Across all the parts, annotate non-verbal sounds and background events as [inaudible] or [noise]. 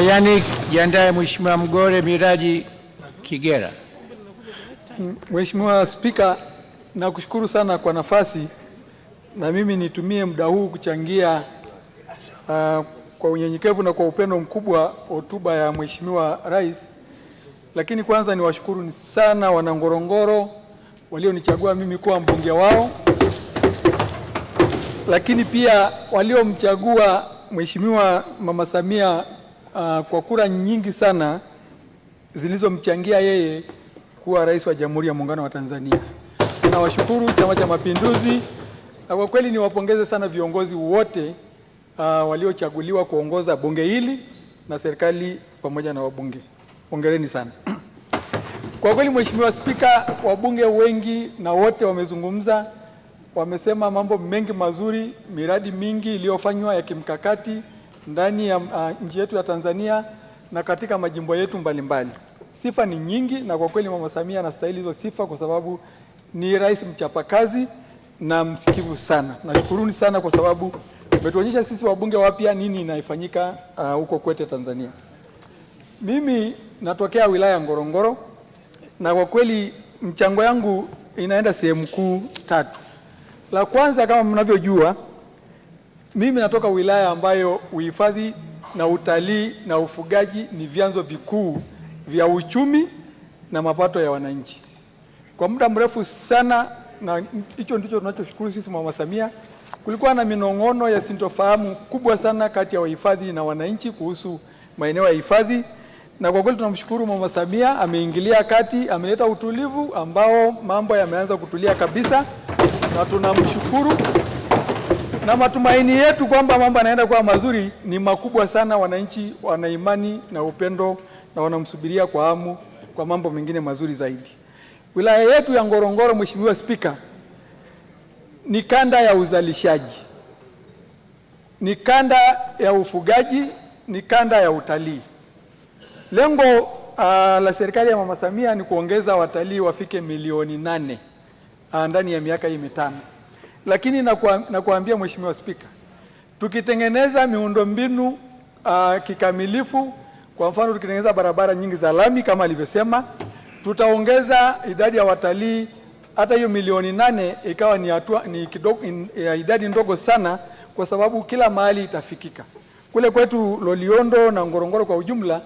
Mheshimiwa Yannick jiandae, Mheshimiwa Mgore Miraji Kigera. Mheshimiwa Spika, nakushukuru sana kwa nafasi, na mimi nitumie muda huu kuchangia uh, kwa unyenyekevu na kwa upendo mkubwa hotuba ya Mheshimiwa Rais. Lakini kwanza niwashukuru sana wanangorongoro walionichagua mimi kuwa mbunge wao, lakini pia waliomchagua Mheshimiwa Mama Samia uh, kwa kura nyingi sana zilizomchangia yeye kuwa rais wa Jamhuri ya Muungano wa Tanzania. Nawashukuru Chama cha Mapinduzi na kwa kweli niwapongeze sana viongozi wote uh, waliochaguliwa kuongoza bunge hili na serikali pamoja na wabunge. Hongereni sana. [clears throat] Kwa kweli Mheshimiwa Spika, wabunge wengi na wote wamezungumza, wamesema mambo mengi mazuri, miradi mingi iliyofanywa ya kimkakati ndani ya uh, nchi yetu ya Tanzania na katika majimbo yetu mbalimbali mbali. Sifa ni nyingi na kwa kweli Mama Samia anastahili hizo sifa kwa sababu ni rais mchapakazi na msikivu sana. Nashukuruni sana kwa sababu umetuonyesha sisi wabunge wapya nini inaifanyika uh, huko kwetu Tanzania. Mimi natokea wilaya Ngorongoro na kwa kweli mchango yangu inaenda sehemu kuu tatu. La kwanza kama mnavyojua mimi natoka wilaya ambayo uhifadhi na utalii na ufugaji ni vyanzo vikuu vya uchumi na mapato ya wananchi kwa muda mrefu sana, na hicho ndicho tunachoshukuru sisi Mama Samia. Kulikuwa na minong'ono ya sintofahamu kubwa sana kati ya wahifadhi na wananchi kuhusu maeneo ya hifadhi, na kwa kweli tunamshukuru Mama Samia, ameingilia kati, ameleta utulivu ambao mambo yameanza kutulia kabisa, na tunamshukuru na matumaini yetu kwamba mambo yanaenda kuwa mazuri ni makubwa sana. Wananchi wana imani na upendo na wanamsubiria kwa hamu kwa mambo mengine mazuri zaidi. Wilaya yetu ya Ngorongoro, Mheshimiwa Spika, ni kanda ya uzalishaji, ni kanda ya ufugaji, ni kanda ya utalii. Lengo uh, la serikali ya Mama Samia ni kuongeza watalii wafike milioni nane uh, ndani ya miaka hii mitano. Lakini nakuambia na Mheshimiwa Spika, tukitengeneza miundombinu uh, kikamilifu, kwa mfano tukitengeneza barabara nyingi za lami kama alivyosema, tutaongeza idadi ya watalii hata hiyo milioni nane ikawa ni, atua, ni kidogo, in, ya idadi ndogo sana, kwa sababu kila mahali itafikika. Kule kwetu Loliondo na Ngorongoro kwa ujumla,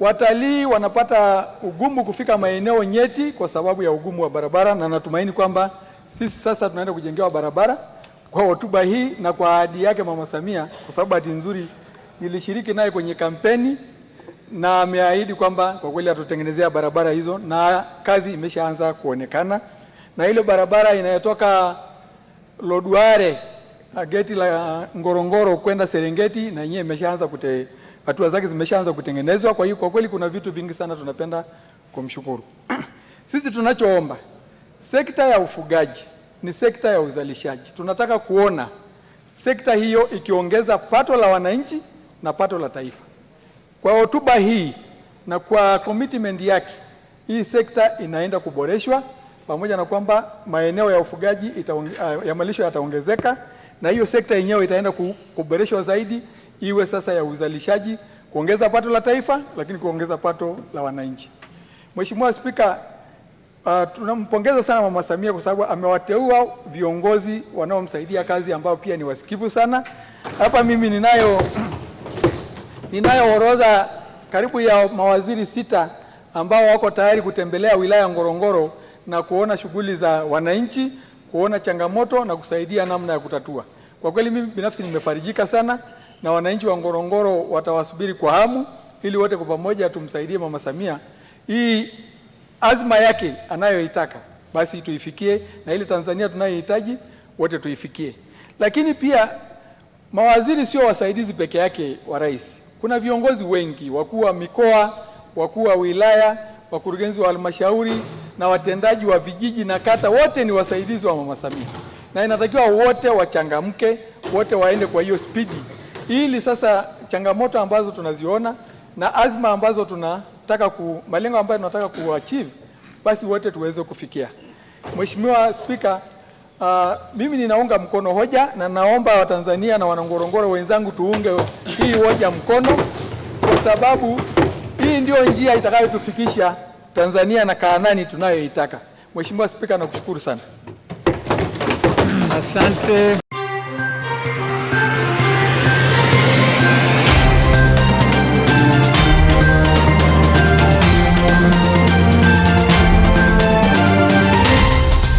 watalii wanapata ugumu kufika maeneo nyeti kwa sababu ya ugumu wa barabara, na natumaini kwamba sisi sasa tunaenda kujengewa barabara kwa hotuba hii na kwa ahadi yake Mama Samia, kwa sababu hati nzuri nilishiriki naye kwenye kampeni na ameahidi kwamba kwa kweli atutengenezea barabara hizo, na kazi imeshaanza kuonekana, na ile barabara inayotoka Lodware geti la Ngorongoro kwenda Serengeti na yenyewe imeshaanza kute hatua zake zimeshaanza kutengenezwa. Kwa hiyo kwa kweli kuna vitu vingi sana tunapenda kumshukuru. [clears throat] Sisi tunachoomba Sekta ya ufugaji ni sekta ya uzalishaji. Tunataka kuona sekta hiyo ikiongeza pato la wananchi na pato la taifa. Kwa hotuba hii na kwa commitment yake, hii sekta inaenda kuboreshwa pamoja na kwamba maeneo ya ufugaji itaonge, uh, ya malisho yataongezeka na hiyo sekta yenyewe itaenda kuboreshwa zaidi iwe sasa ya uzalishaji, kuongeza pato la taifa, lakini kuongeza pato la wananchi. Mheshimiwa Spika, Uh, tunampongeza sana Mama Samia kwa sababu amewateua viongozi wanaomsaidia kazi ambao pia ni wasikivu sana. Hapa mimi ninayo [clears throat] ninayo orodha karibu ya mawaziri sita ambao wako tayari kutembelea wilaya Ngorongoro na kuona shughuli za wananchi, kuona changamoto na kusaidia namna ya kutatua. Kwa kweli mimi binafsi nimefarijika sana na wananchi wa Ngorongoro watawasubiri kwa hamu ili wote kwa pamoja tumsaidie Mama Samia. Hii azma yake anayoitaka basi tuifikie, na ile Tanzania tunayohitaji wote tuifikie. Lakini pia mawaziri sio wasaidizi peke yake wa rais, kuna viongozi wengi, wakuu wa mikoa, wakuu wa wilaya, wakurugenzi wa halmashauri na watendaji wa vijiji na kata, wote ni wasaidizi wa mama Samia, na inatakiwa wote wachangamke, wote waende kwa hiyo spidi, ili sasa changamoto ambazo tunaziona na azma ambazo tuna tunataka ku, malengo ambayo tunataka kuachieve basi wote tuweze kufikia. Mheshimiwa Spika, uh, mimi ninaunga mkono hoja na naomba Watanzania na wanangorongoro wenzangu tuunge hii hoja mkono, kwa sababu hii ndio njia itakayotufikisha Tanzania na Kaanani tunayoitaka. Mheshimiwa Spika, nakushukuru sana. Asante.